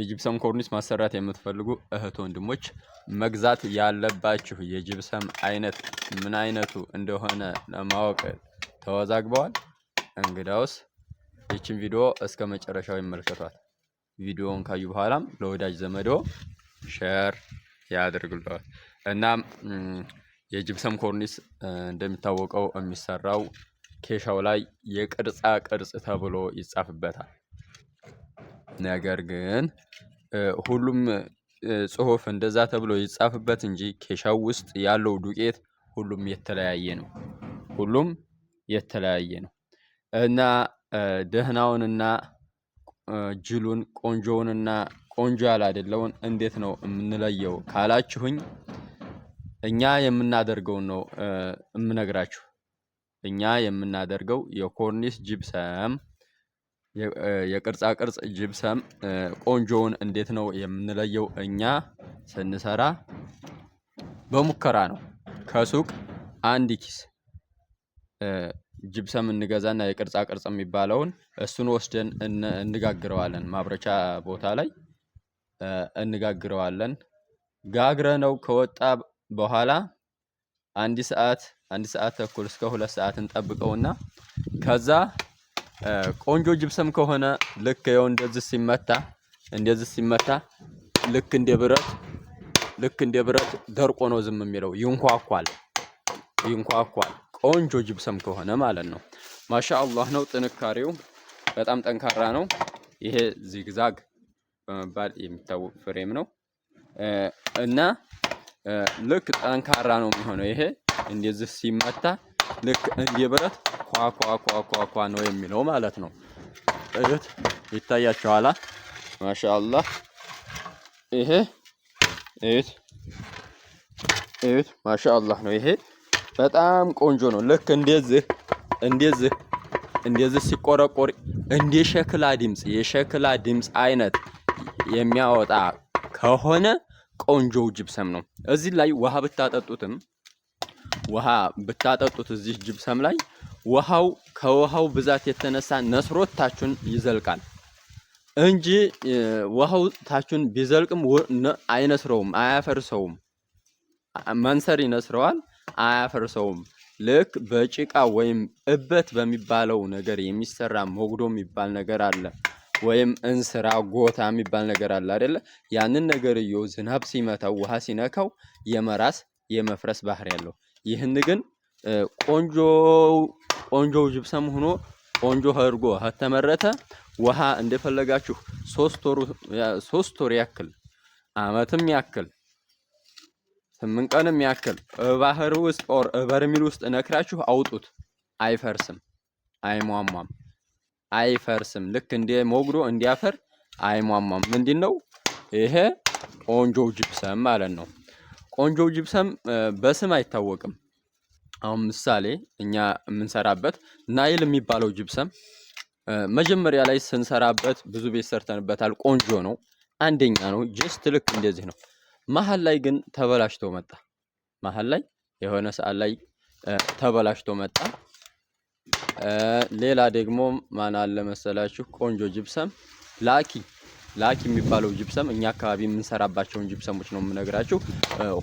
የጂፕሰም ኮርኒስ ማሰራት የምትፈልጉ እህት ወንድሞች መግዛት ያለባችሁ የጂፕሰም አይነት ምን አይነቱ እንደሆነ ለማወቅ ተወዛግበዋል? እንግዳውስ ይችን ቪዲዮ እስከ መጨረሻው ይመልከቷል። ቪዲዮውን ካዩ በኋላም ለወዳጅ ዘመዶ ሼር ያደርግልዋል። እናም የጂፕሰም ኮርኒስ እንደሚታወቀው የሚሰራው ኬሻው ላይ የቅርጻ ቅርጽ ተብሎ ይጻፍበታል። ነገር ግን ሁሉም ጽሁፍ እንደዛ ተብሎ ይጻፍበት እንጂ ኬሻው ውስጥ ያለው ዱቄት ሁሉም የተለያየ ነው። ሁሉም የተለያየ ነው እና ደህናውንና ጅሉን ቆንጆውንና ቆንጆ ያላደለውን እንዴት ነው የምንለየው ካላችሁኝ፣ እኛ የምናደርገውን ነው የምነግራችሁ። እኛ የምናደርገው የኮርኒስ ጅብሰም የቅርጻ ቅርጽ ጅብሰም ቆንጆውን እንዴት ነው የምንለየው? እኛ ስንሰራ በሙከራ ነው። ከሱቅ አንድ ኪስ ጅብሰም እንገዛና የቅርጻ ቅርጽ የሚባለውን እሱን ወስደን እንጋግረዋለን። ማብረቻ ቦታ ላይ እንጋግረዋለን። ጋግረ ነው ከወጣ በኋላ አንድ ሰዓት አንድ ሰዓት ተኩል እስከ ሁለት ሰዓት እንጠብቀውና ከዛ ቆንጆ ጅብሰም ከሆነ ልክ ይኸው እንደዚህ ሲመታ እንደዚህ ሲመታ ልክ እንደ ብረት ልክ እንደ ብረት ደርቆ ነው ዝም የሚለው ይንኳኳል፣ ይንኳኳል። ቆንጆ ጅብሰም ከሆነ ማለት ነው። ማሻአላህ ነው። ጥንካሬው በጣም ጠንካራ ነው። ይሄ ዚግዛግ በመባል የሚታወቅ ፍሬም ነው እና ልክ ጠንካራ ነው የሚሆነው። ይሄ እንደዚህ ሲመታ ልክ እንደ ብረት ኳኳኳኳኳ ነው የሚለው ማለት ነው። እዩት፣ ይታያችኋላ። ማሻአላ ይሄ እዩት፣ እዩት፣ ማሻአላ ነው። ይሄ በጣም ቆንጆ ነው። ልክ እንደዚህ እንደዚህ እንደዚህ ሲቆረቆር እንደ ሸክላ ድምፅ የሸክላ ድምፅ አይነት የሚያወጣ ከሆነ ቆንጆው ጅብሰም ነው። እዚህ ላይ ውሃ ብታጠጡትም ውሃ ብታጠጡት እዚህ ጅብሰም ላይ ውሃው ከውሃው ብዛት የተነሳ ነስሮት ታቹን ይዘልቃል እንጂ ውሃው ታቹን ቢዘልቅም አይነስረውም፣ አያፈርሰውም። መንሰር ይነስረዋል፣ አያፈርሰውም። ልክ በጭቃ ወይም እበት በሚባለው ነገር የሚሰራ ሞግዶ የሚባል ነገር አለ፣ ወይም እንስራ ጎታ የሚባል ነገር አለ አይደለ? ያንን ነገርዮ ዝናብ ሲመታው ውሃ ሲነካው የመራስ የመፍረስ ባህሪ ያለው ይህን ግን ቆንጆ ቆንጆ ጅብሰም ሆኖ ቆንጆ አድርጎ ከተመረተ ውሃ እንደፈለጋችሁ ሶስት ወር ያክል አመትም ያክል ስምንት ቀንም ያክል ባህር ውስጥ ኦር በርሚል ውስጥ ነክራችሁ አውጡት። አይፈርስም፣ አይሟሟም፣ አይፈርስም። ልክ እንደ ሞግዶ እንዲያፈር አይሟሟም። ምንድን ነው ይሄ? ቆንጆ ጅብሰም ማለት ነው። ቆንጆ ጅብሰም በስም አይታወቅም። አሁን ምሳሌ እኛ የምንሰራበት ናይል የሚባለው ጅብሰም መጀመሪያ ላይ ስንሰራበት ብዙ ቤት ሰርተንበታል። ቆንጆ ነው፣ አንደኛ ነው። ጀስት ልክ እንደዚህ ነው። መሀል ላይ ግን ተበላሽቶ መጣ። መሀል ላይ የሆነ ሰዓት ላይ ተበላሽቶ መጣ። ሌላ ደግሞ ማን አለ መሰላችሁ? ቆንጆ ጅብሰም ላኪ ላኪ የሚባለው ጅብሰም እኛ አካባቢ የምንሰራባቸውን ጅብሰሞች ነው የምነግራችሁ።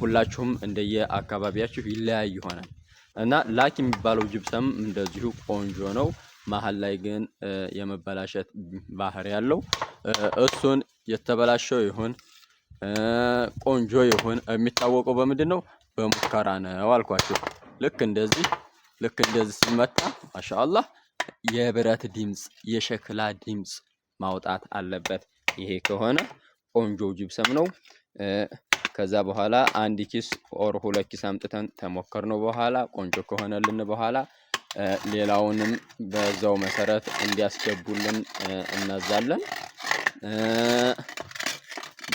ሁላችሁም እንደየ አካባቢያችሁ ይለያይ ይሆናል። እና ላክ የሚባለው ጅብሰም እንደዚሁ ቆንጆ ነው። መሀል ላይ ግን የመበላሸት ባህሪ ያለው እሱን የተበላሸው ይሁን ቆንጆ ይሁን የሚታወቀው በምንድን ነው? በሙከራ ነው አልኳቸው። ልክ እንደዚህ ልክ እንደዚህ ሲመታ ማሻአላህ የብረት ድምፅ፣ የሸክላ ድምፅ ማውጣት አለበት። ይሄ ከሆነ ቆንጆ ጅብሰም ነው። ከዛ በኋላ አንድ ኪስ ኦር ሁለት ኪስ አምጥተን ተሞከርነው በኋላ ቆንጆ ከሆነልን በኋላ ሌላውንም በዛው መሰረት እንዲያስገቡልን እናዛለን።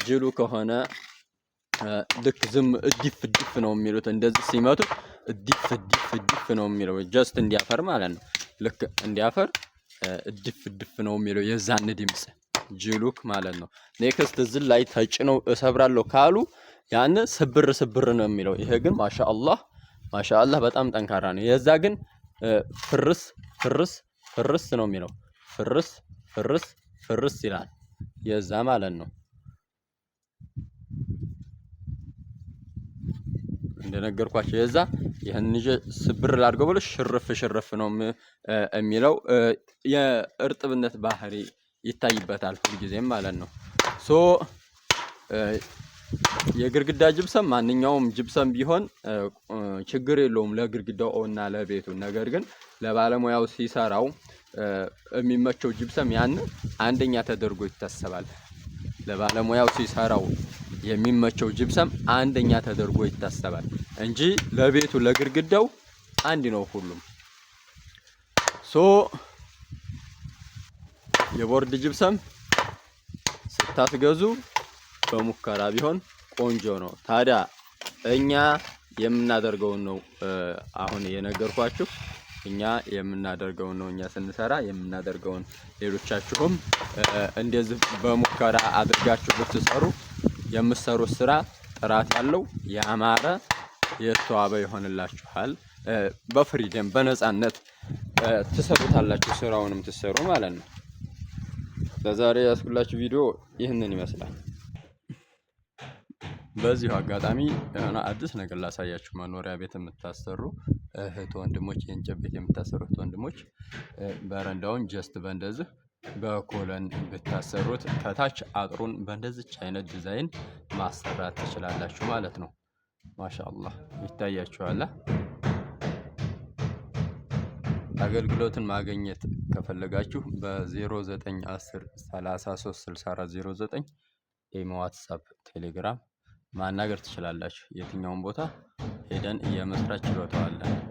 ጅሉ ከሆነ ልክ ዝም እዲፍ እዲፍ ነው የሚሉት። እንደዚህ ሲመቱ እዲፍ እዲፍ እዲፍ ነው የሚለው ጀስት እንዲያፈር ማለት ነው። ልክ እንዲያፈር እድፍ እድፍ ነው የሚለው የዛን ድምፅ ጅሉክ ማለት ነው። ኔክስት እዚህ ላይ ተጭነው እሰብራለሁ ካሉ ያን ስብር ስብር ነው የሚለው። ይሄ ግን ማሻአላህ ማሻአላህ በጣም ጠንካራ ነው። የዛ ግን ፍርስ ፍርስ ፍርስ ነው የሚለው። ፍርስ ፍርስ ፍርስ ይላል የዛ ማለት ነው። እንደነገርኳቸው የዛ ይህን ስብር ላድርገው ብሎ ሽርፍ ሽርፍ ነው የሚለው። የእርጥብነት ባህሪ ይታይበታል ሁልጊዜም ማለት ነው ሶ የግርግዳ ጅብሰም ማንኛውም ጅብሰም ቢሆን ችግር የለውም ለግድግዳው እና ለቤቱ። ነገር ግን ለባለሙያው ሲሰራው የሚመቸው ጅብሰም ያን አንደኛ ተደርጎ ይታሰባል። ለባለሙያው ሲሰራው የሚመቸው ጅብሰም አንደኛ ተደርጎ ይታሰባል እንጂ ለቤቱ ለግርግዳው አንድ ነው ሁሉም። ሶ የቦርድ ጅብሰም ስታስገዙ በሙከራ ቢሆን ቆንጆ ነው። ታዲያ እኛ የምናደርገውን ነው አሁን የነገርኳችሁ። እኛ የምናደርገውን ነው እኛ ስንሰራ የምናደርገውን። ሌሎቻችሁም እንደዚህ በሙከራ አድርጋችሁ ብትሰሩ የምትሰሩት ስራ ጥራት ያለው ያማረ የተዋበ ይሆንላችኋል። በፍሪደም በነፃነት ትሰሩታላችሁ፣ ስራውንም ትሰሩ ማለት ነው። ለዛሬ ያስኩላችሁ ቪዲዮ ይህንን ይመስላል። በዚሁ አጋጣሚ የሆነ አዲስ ነገር ላሳያችሁ። መኖሪያ ቤት የምታሰሩ እህት ወንድሞች፣ የእንጨት ቤት የምታሰሩ እህት ወንድሞች በረንዳውን ጀስት በእንደዚህ በኮለን ብታሰሩት ከታች አጥሩን በእንደዚች አይነት ዲዛይን ማሰራት ትችላላችሁ ማለት ነው። ማሻአላህ ይታያችኋል። አገልግሎትን ማግኘት ከፈለጋችሁ በ0910 33 64 09 ኢሞ፣ ዋትሳፕ፣ ቴሌግራም ማናገር ትችላላችሁ። የትኛውን ቦታ ሄደን የመስራት ችሎታው አለን